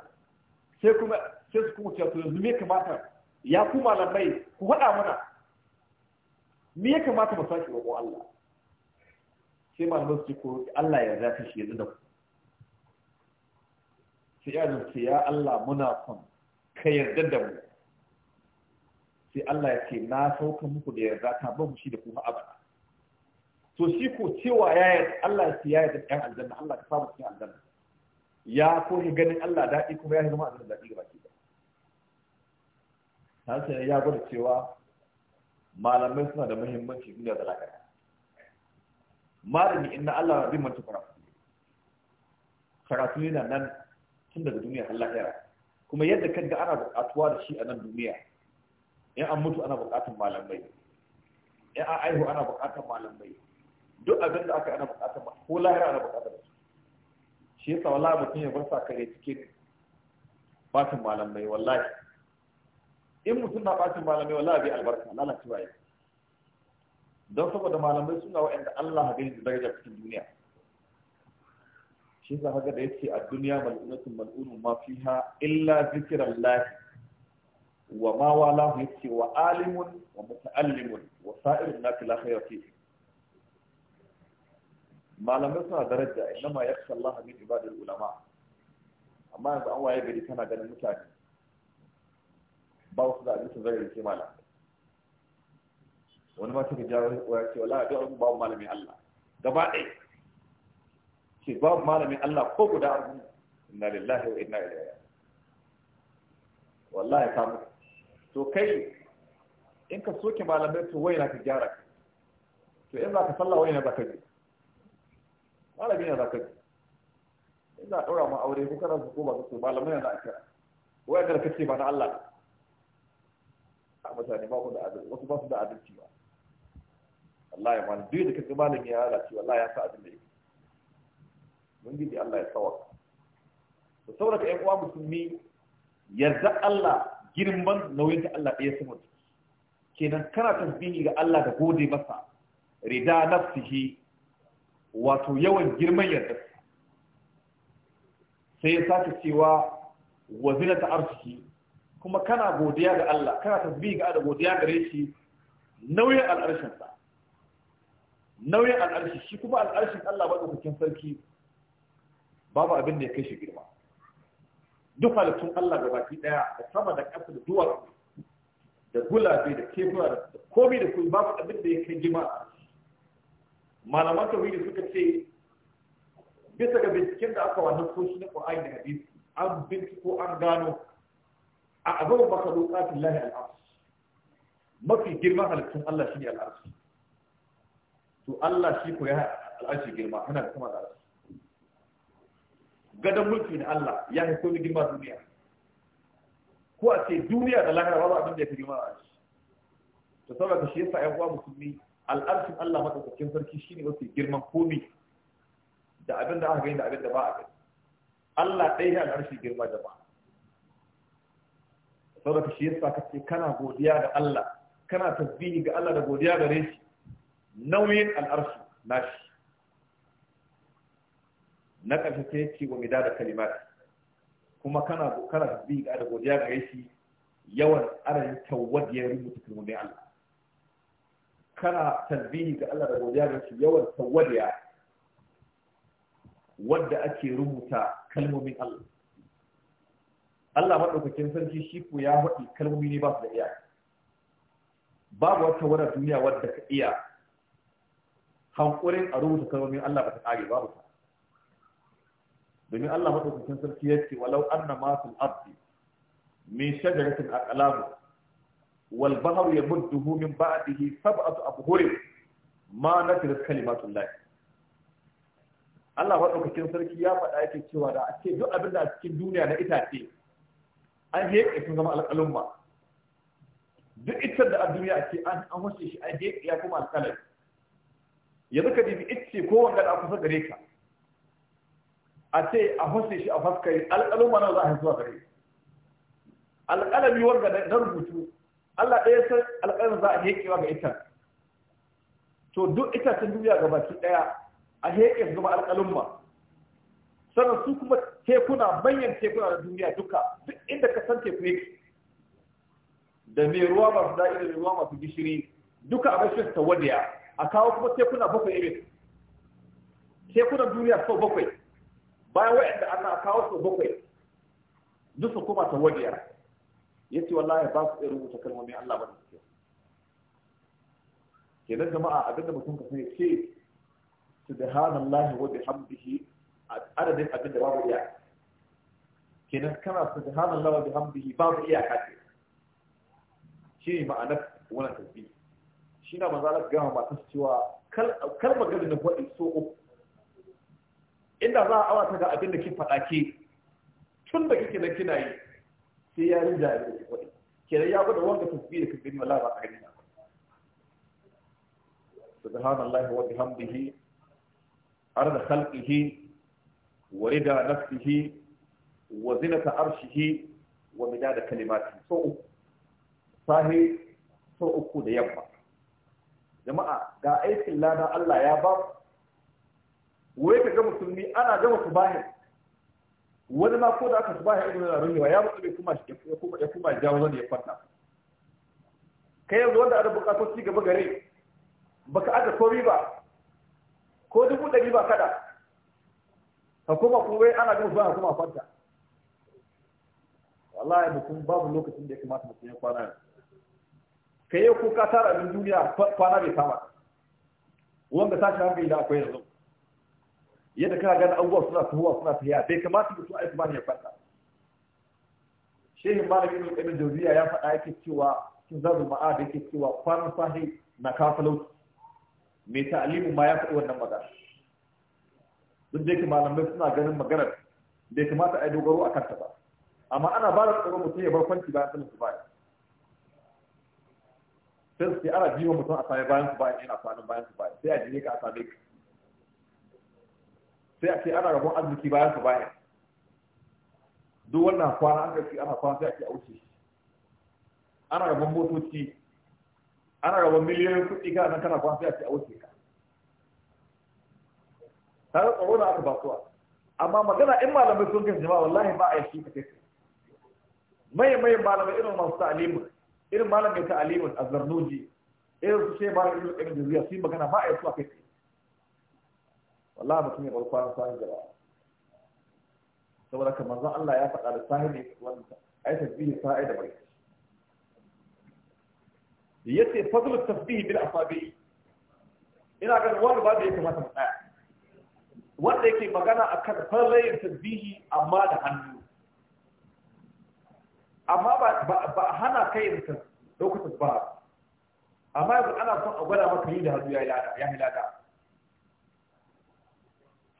A: sai kuma sai su kuma cewa yanzu me kamata ya ku malamai ku faɗa mana me ya kamata mu sake roƙo Allah sai malamai su ko Allah ya zafi shi yanzu da ku sai ya ce ya Allah muna son ka yarda da mu sai Allah ya ce na sauka muku da yarda ta ba mu shi da kuma abada to shi ko cewa ya yarda Allah ya ce ya yarda ɗan aljanna Allah ka samu cikin aljanna ya ko ni ganin Allah daɗi kuma ya yi zama aljanna daɗi gaba ki ta sai ya gwada cewa malamai suna da muhimmanci duniya da lafiya malami inna Allah bi mantu karatu karatu yana nan tun daga duniya har lahira kuma yadda kan ga ana buƙatuwa da shi a nan duniya in an mutu ana buƙatar malamai in an aihu ana buƙatar malamai duk abin da aka ana buƙatar ko lahira ana buƙatar su shi yasa wallahi mutum ya bar sa kare cikin fatin malamai wallahi in mutum na fatin malamai wallahi bai albarka lalacewa ya don saboda malamai suna wa'anda Allah ha gani da daraja cikin duniya shi za haka da yake a duniya mal'unatun mal'unun ma ha illa zikirar lahi wa ma walahu yake wa alimun wa muta'allimun wa sa'irun na fi lahira fihi malamai suna daraja inna ma ya yakhsha Allah min ibadil ulama amma yanzu an waye gari tana ganin mutane ba wasu da abin su zai rike malamai wani ma suka jawo ya ce wala da babu malamin Allah gaba ɗaya ce babu malamin Allah ko guda a inna lillahi wa inna ilaihi raji'un wallahi ka mu to kai in ka soke malamai to waina ka gyara to in za ka sallah waina za ka ji malami ne za ka ji in za a ɗora ma aure ko kana ko ba su malamai ne za a kira wayar da kace ba na Allah a mutane ba ku da adalci wasu ba su da adalci ba wallahi ma duk da kake malami ya lalace wallahi ya sa abin ubangiji Allah ya sawaka to saurata 'yan uwa musulmi yarda Allah girman nauyin da Allah ɗaya sama kenan kana tasbihi ga Allah da gode masa rida nafsihi wato yawan girman yarda sai ya sake cewa wazina ta arziki kuma kana godiya ga Allah kana tasbihi ga Allah godiya gare shi nauyin al'arshin sa nauyin al'arshi shi kuma al'arshin Allah ba dokokin sarki babu abin da ya kai shi girma duk halittun Allah ga baki daya da sama da ƙasa da duwatsu da gulabe da kebura da komai da kuma babu abin da ya kai girma malaman tauhidi suka ce bisa ga binciken da aka wannan soshi na Qur'ani da hadisi an binciko an gano a abin makalukatin lahi al'arsu mafi girman halittun Allah shi ne al'arsu to Allah shi ko ya al'arshi girma ana da kuma al'arshi gadon mulki na Allah ya haifo ni girma duniya ko a ce duniya da lahira babu abin da ya fi girma a shi to saboda ka shi yasa ƴan uwa musulmi al'arshin Allah madaukakin sarki shine mafi girman komi da abin da aka gani da abin da ba a gani Allah ɗaya ne al'arshi girma jama'a saboda shi yasa ka ce kana godiya ga Allah kana tasbihi ga Allah da godiya gare shi nauyin al'arshi nashi na ƙarshe sai ce wa mida da kalimat kuma kana kana tasbihi da godiya ga shi yawan adadin tawwad ya rubuta kalmomin Allah kana tasbihi ga Allah da godiya ga shi yawan tawwad ya wadda ake rubuta kalmomin Allah Allah maɗaukakin sarki shi ko ya faɗi kalmomi ne ba su da iya babu wata wadda duniya wadda ka iya hankurin a rubuta kalmomin Allah ba ta ƙare babu ta domin Allah madaukakin sarki ya ce walau anna ma fil ardi min shajaratin aqlam wal bahru yamudduhu min ba'dihi sab'atu abhur ma natilat kalimatullah Allah madaukakin sarki ya faɗa yake cewa da ce duk abin da a cikin duniya na itace an heƙe sun zama alƙalumma duk iccen da a duniya a ce an wace shi an heƙe ya kuma alƙalai yanzu ka dibi icce ce kowanne da kusa gare ka a ce a fashe shi a faskari alƙaluma mana za a zuwa gare alƙalami wanda na rubutu Allah ɗaya san alƙalamin za a heƙewa ga ita to duk itacen duniya ga baki ɗaya a heƙe zuma alƙalumma sannan su kuma tekuna manyan tekuna na duniya duka duk inda ka san teku yake da mai ruwa masu daɗi da mai ruwa masu gishiri duka a bashin tawadiya a kawo kuma tekuna bakwai irin tekunan duniya sau bakwai bayan wa'anda ana kawo su bakwai duk su koma ya ce wallahi ba su iya rubuta kalmomin Allah ba su kenan jama'a abinda mutum ka sai ce subhanallahi wa bihamdihi adadin abinda babu iya kenan kana su da subhanallahi wa bihamdihi babu iya kace shi ne ma'anar wannan tasbih shi na manzo Allah ga mata cewa kalmar gadi na faɗi so uku inda za a awata da abin da ki faɗa ke tun da kike na kina yi sai ya yi jari da kuɗi kenan ya gwada wanda tasbih da kake wala ba ka gani subhanallahi wa bihamdihi arda khalqihi wa rida nafsihi wa zinata arshihi wa midada kalimatihi so sahi so uku da yamma jama'a ga aikin lada Allah ya ba wai ka ga musulmi ana gama su bahin wani ma ko da aka su bahin irin rabin yawa ya mutu bai kuma ya kuma jawo zan ya fata kai yanzu wanda ana bukatar ci gaba gare baka aka komi ba ko dubu ɗari ba kada ka kuma wai ana gama su bahin kuma fata wallahi mutum babu lokacin da ya kamata mutum ya kwana kai yau ko ka tara abin duniya kwana bai kama wanda tashi hankali da akwai yanzu yadda kana gani abubuwa suna tahowa suna tafiya bai kamata aiki ba ne ya faɗa shehin malami ibn qayyim jawziya ya faɗa yake cewa cikin ma'a da yake cewa kwanan sahi na kafalau mai ta'alimu ma ya faɗi wannan magana duk da yake malamai suna ganin maganar bai kamata a yi dogaro a kanta ba amma ana ba da tsoro mutum ya bar kwanci bayan sanin su baya sai su ce ana biyo mutum a sami bayan su bayan yana kwanan bayan su bayan sai a jini ka a sami ka sai a ce ana rabon arziki bayan su bayan duk wannan kwana an gaske ana kwana sai a ce a wuce ana rabon motoci ana rabon miliyoyin kuɗi ka nan kana kwana sai a ce a wuce ka tare tsoro na aka basuwa amma magana in malamai sun kai jama'a wallahi ba a yi shi ka kai mai mai malamai irin masu ta'alimu irin malamai ta'alimu a zarnoji irin su shi malamai irin da su yi magana ba a yi su a kai wallahi mutum ya bar kwanan sahibi da ba saboda kamar zan Allah ya faɗa da sahibi wanda ai tasbihi sa'i da barki yace fadlu tasbihi bil asabi ina ga wani babu ya kamata mu tsaya wanda yake magana akan farlayin tasbihi amma da hannu amma ba hana kai da ɗaukar tasbaha amma yanzu ana son a gwada maka yi da hannu ya yi lada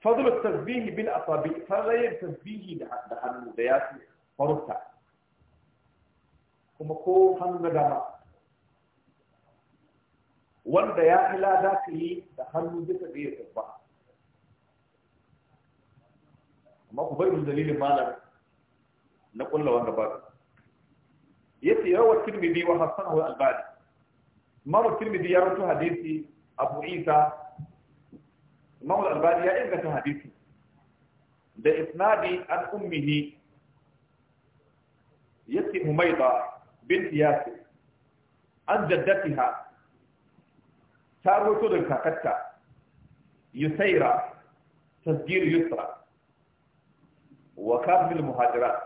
A: fadlu tasbihi bil asabi farayar tasbihi da hannu da yatsu farutta kuma ko hannu da dama wanda ya ila za da hannu bisa da ya sabba amma ku bai dalilin malam na kulla wanda ba yace yawa tirmidhi wa hasanahu al-albani ya hadisi a isa imam al-albani ya inganta hadisi da isnadi an ummihi yatti Umayda bint yasir an jaddatiha ta roto da kakatta yusaira tasgir yusra wa kafin muhajirat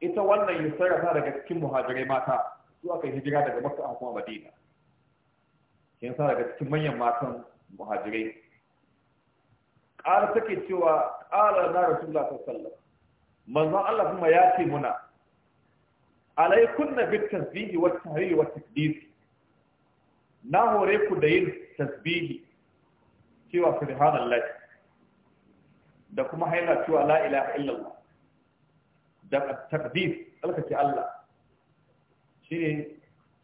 A: ita wannan yusaira ta daga cikin muhajirai mata zuwa kai hijira daga makka an kuma madina kin sa daga cikin manyan matan muhajirai ƙara take cewa ƙara na rasulullah sallallahu alaihi wasallam manzon Allah kuma ya ce muna alaikunna bit tasbihi wat tahrir wa takbir na hore ku da yin tasbihi cewa subhanallahi da kuma haila cewa la ilaha illallah da takbir alkaci Allah shine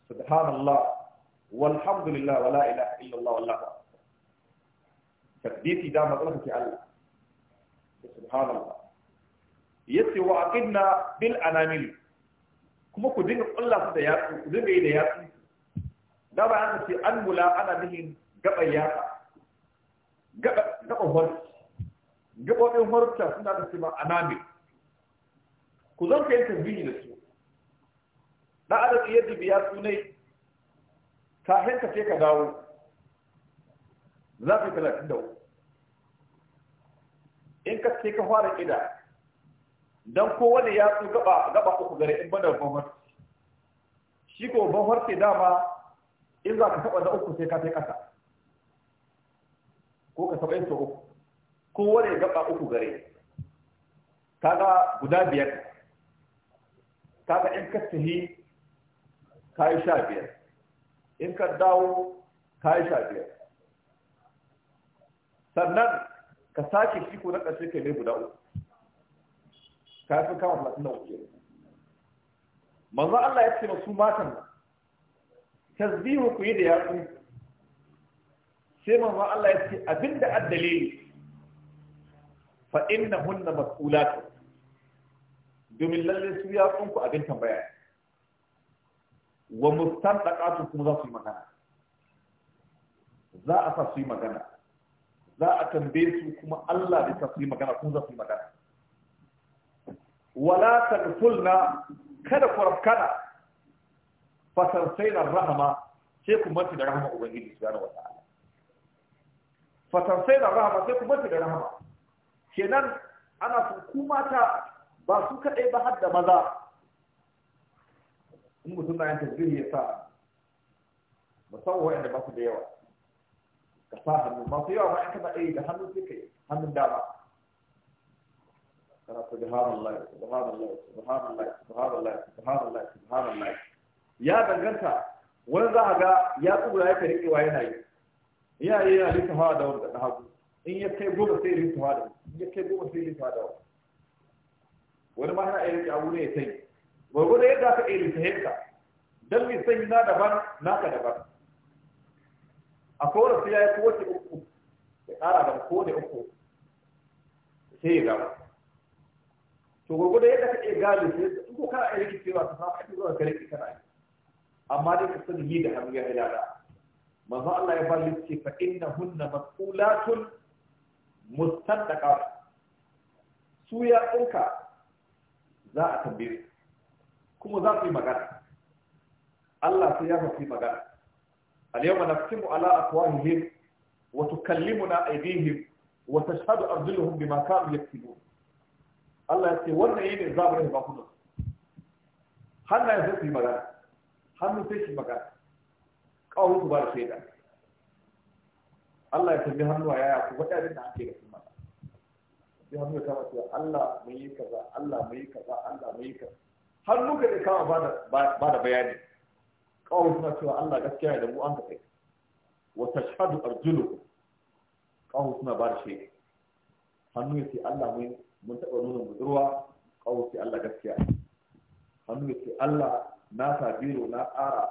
A: subhanallah walhamdulillah wa la ilaha illallah wallahu tasbihi da matsalaka Allah subhanallah yace wa aqidna bil anamil kuma ku dinga kulla su da yatsu ku dinga yi da yatsu da ba an ce an mula ana nihin gaba yatsa gaba gaba horta gabobin suna da cewa anamil ku zan kai tasbihi da su da adadi yadda biya sunai ka hanka sai ka dawo za ka yi talatin da in ka ce ka fara ƙida don kowane ya su gaba uku gare in bada ban shi ko ban harci dama in za ka taɓa na uku sai ka fi ƙasa ko ka taɓa yin sau uku kowane gaba uku gare ga guda biyar ga in ka tahi ka yi sha biyar in ka dawo ka yi sha biyar sannan ka sake shi ko na ƙarshe kai mai guda uku kafin kama talatin da uku manzo Allah ya ce ma su matan tasbihu ku yi da yatsu sai manzo Allah ya ce abinda addalili fa innahunna mas'ulatun domin lalle su yatsun ku abin tambaya wa mustandaqatun kuma za su yi magana za a sa su yi magana za a tambaye su kuma Allah da ta su yi magana kun za su yi magana wala na kada ku rafkana na rahama sai ku mace da rahama ubangiji Fasar sai na rahama sai ku mace da rahama kenan ana su kuma ta ba su kadai ba hadda maza in mutum na yanta zai ya sa musamman wa'anda ba su da yawa Kasa hannu masu yawa ba in ɗaya da hannun sai ka yi hannun dama kana ku subhanallah subhanallah subhanallah subhanallah subhanallah subhanallah ya danganta wani za a ga ya tsura ya kare kewa yana yi ya yi yana lita hawa da wanda na hagu in ya kai goma sai lita hawa da in ya kai goma sai lita hawa da wani ma yana iya rike abu ne ya sai gwagwada yadda aka iya lita hekka don mai sanyi na daban naka daban akwai kowane su ya yi kowace uku ya tsara da kowane uku sai ya gaba to gurgudu yadda ka iya gado sai in ko kana aiki cewa ka samu aiki zuwa kare kana aiki amma dai ka sani yi da hannu ya hilala manzo Allah ya bar liski fa hunna mas'ulatun mustaddaqa su ya ɗauka za a tambaye kuma za su yi magana Allah sai ya fi magana اليوم نختم على أفواههم وتكلمنا أيديهم وتشهد أرجلهم بما كانوا يكسبون Allah ya ce wannan yi ne zaɓar ba kuma hannayen sai su yi magana hannun sai shi magana ƙawon ba da shaida Allah ya tambi hannuwa yaya ku faɗi abin da ake da sun mata sai hannu ya kama cewa Allah mai yi kaza Allah yi kaza Allah yi kaza kama ba da bayani kawai suna cewa Allah gaskiya da mu an ka kai wa tashhadu arjulu kawai suna ba da shi? hannu ya ce Allah mun mun taɓa nuna budurwa kawai ce Allah gaskiya hannu ya ce Allah na sa biro na Ara,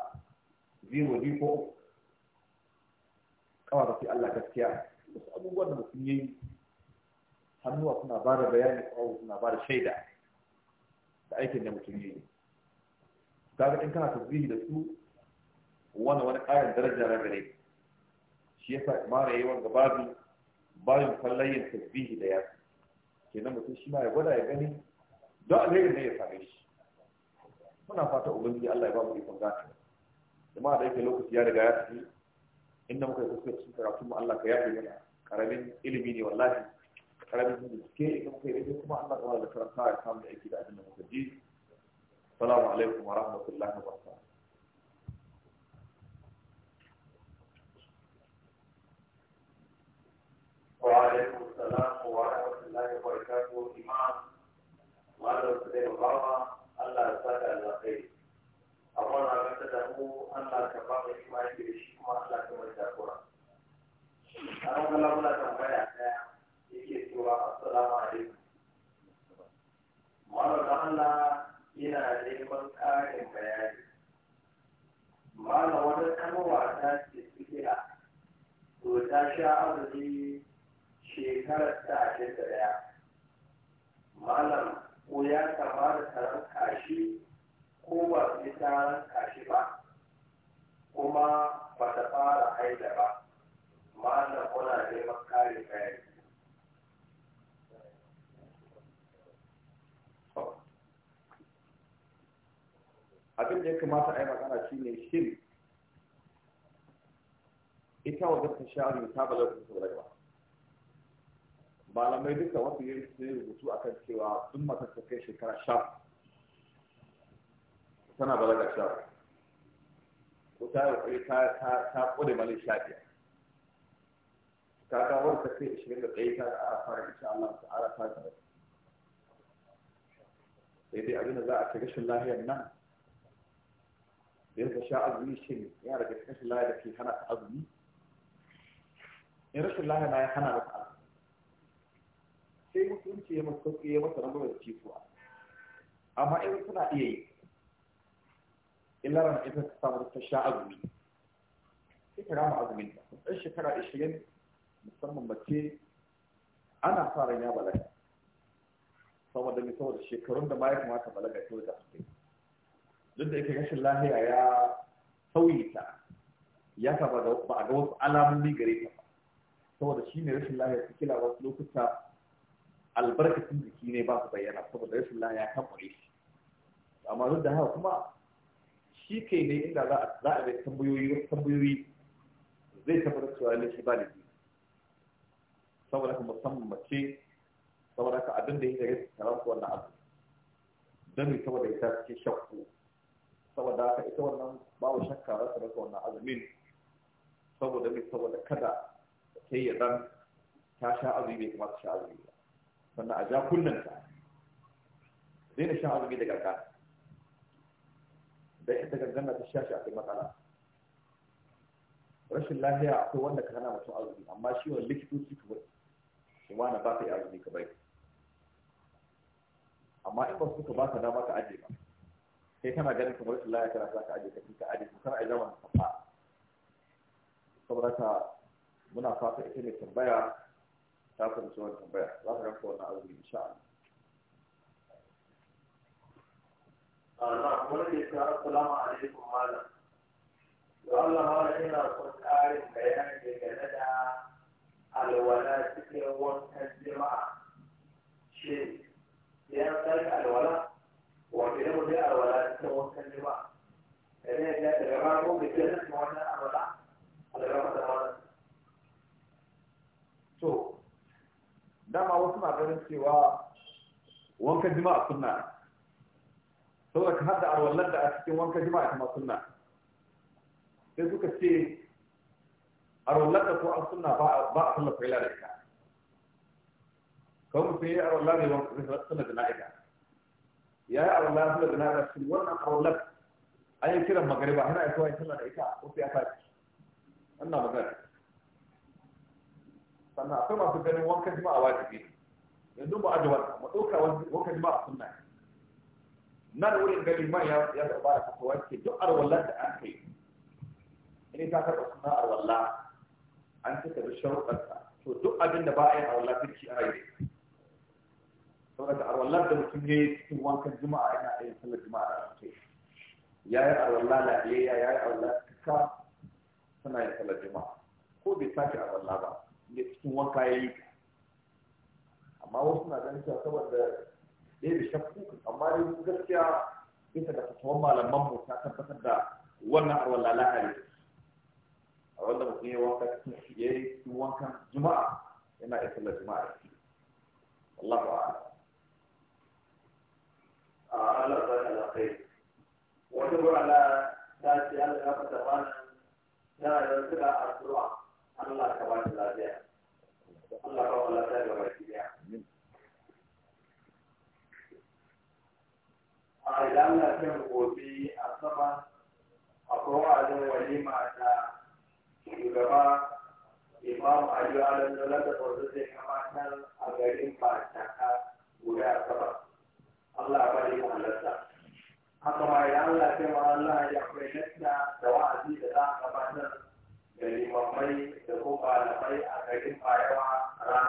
A: zero ne ko kawai ce Allah gaskiya wasu abubuwan da mutum ya yi hannuwa suna ba da bayani kawai suna ba da shaida da aikin da mutum ya yi kaga in kana tasbihi da su wani wani ƙarin daraja na gare shi yasa mara yi wanga babu bayan fallayin tasbihi da yasa kenan mutum shi ma ya gwada ya gani don alherin ne ya same shi muna fata ubangiji Allah ya ba mu ikon gata jama'a da yake lokaci ya riga ya tafi inda muka yi kuskure cikin karatu mu Allah ka yafe mana karamin ilimi ne wallahi karamin bincike idan muka yi daidai kuma Allah ka wala da karanta ya samu da aiki da abin da muka ji assalamu alaikum wa rahmatullahi wa barakatuh
B: وعليكم السلام ورحمة الله وبركاته إمام ماذا سيد الله الله ساك الله خير أبونا عبدته الله كبار إسماعيل برشيكم الله كما يتاكورا أنا أقول لك أنا كمبايا yake cewa assalamu alaikum malam Allah yana neman ƙarin bayani malam wata kalma ta ce sikira to ta sha azumi shekarar ta ake da ɗaya malam ko ya kama da taron kashi ko ba su taron kashi ba kuma ba ta fara haida ba malam muna neman kare bayani
A: abin da ya kamata a yi magana shi ne shin ita wajen ta sha'ari ta ba zai kusa ba malamai duka wasu yin su rubutu akan cewa sun matar ta kai shekara sha tana balaga sha ko ta yi ta ta ta kode malin sha biyar kaga wanda ta kai ishirin da ɗaya ta a fara insha Allah ta ara ta ta sai dai abin da za a ci rashin lahiyar nan da yanzu sha azumi shi ne yana daga rashin lahiyar da ke hana ta azumi
B: in rashin lahiyar na ya hana ta azumi sai mutunci ya masu sauƙi ya masa rabuwa da cikuwa
A: amma in suna iya yi illaran ita ta samu ta sha azumi sai ta rama azumi ta ɗan shekara ashirin musamman mace ana fara ya balaga saboda mai saboda shekarun da ma ya kamata balaga ta wajen su duk da yake rashin lahiya ya sauyi ta ya saba da ba a ga wasu alamomi gare ta ba saboda shi ne rashin lahiya su kila wasu lokuta albarkacin jiki ne ba su bayyana saboda rashin laya ya kamfare shi amma duk da haka kuma shi kai ne inda za a bai tambayoyi wasu tambayoyi zai tabbatar cewa ne shi ba da shi saboda haka musamman mace saboda haka abin da ya rage taron su wannan abu don mai saboda ya tafi cikin shakku saboda haka ita wannan babu shakka za ta rasa wannan azumin saboda mai saboda kada ta yi ran ta sha azumi bai kamata sha azumi ba sannan a ja kunnanta daina shan azumi da ka da ita gangana ta sha shi kai matsala rashin lafiya akwai wanda ka hana mutum azumi amma shi wani likitoci ka bai shi na ba ka yi azumi ka bai amma in ba su ka ba ka dama ka ajiye ba sai kana ganin kamar rashin lafiya kana za ka ajiye ka ka kuma kana zama ka fa saboda ka muna fata ita ne tambaya ta fahimci wani tambaya za ka rafa wannan azumi insha Allah.
B: Allah wani da ya assalamu alaikum malam. Da Allah malam ina son ƙarin bayani dangane da alwala cikin wankan jima'a. Shi ya san alwala wanda ya mutu alwala cikin wankan jima'a. Idan ya ga daga mako da ke nan wannan alwala, alwala da wannan.
A: To, dama wasu
B: na ganin cewa wankan jima'a sunna
A: saboda ka hada arwallar da a cikin wankan jima'a kama sunna sai suka ce arwallar da ko an sunna ba a sallar fa'ila da ita kawai mutum ya yi arwallar ne wankan sunna da na'ida ya yi arwallar sunna da na'ida shi wannan arwallar an yi kiran magariba hana ya kawai sallar da ita wasu ya fashi wannan magana sannan akwai masu ganin wankan jima'a wajibi yanzu ba ajiye wannan mu ɗauka wankan jima'a sunna ne nan wurin gani man ya ya da ba ta kowa ce duk arwallar da an kai in ta karɓa suna arwalla an cika da sharuɗarsa to duk abin da ba
B: a yi arwalla duk shi ana yi
A: saboda arwallar da mutum ya yi cikin wankan juma'a yana yin sallar juma'a da mutum
B: ya yi arwalla lafiyayya ya yi arwalla cika
A: suna yin sallar juma'a ko bai sake arwalla ba da cikin wanka ya yi amma wasu na ganin cewa saboda ɗaya da shakku amma dai gaskiya bisa da fatawan malaman mu ta tabbatar da wannan arwala lahari a wanda mutum ya wanka cikin ya yi cikin wankan juma'a yana isa da juma'a Allah ba'ala.
B: a Allah ba'ala kai. Wata ba'ala ta ce Allah ya fata bana na yanzu da addu'a Allah ka ba ta lafiya Allah ka ba lafiya ga baki daya a idan na kan gobe a sama akwai wa'azin walima da shugaba imam aliyu alalala da kwanzo zai kamatar a garin bataka guda a sama Allah ba ne halarta
A: haka ma idan Allah ya kai wa Allah ya kwailatta
B: da wa'azi da za a gabatar da limamai da ko malamai a garin bayawa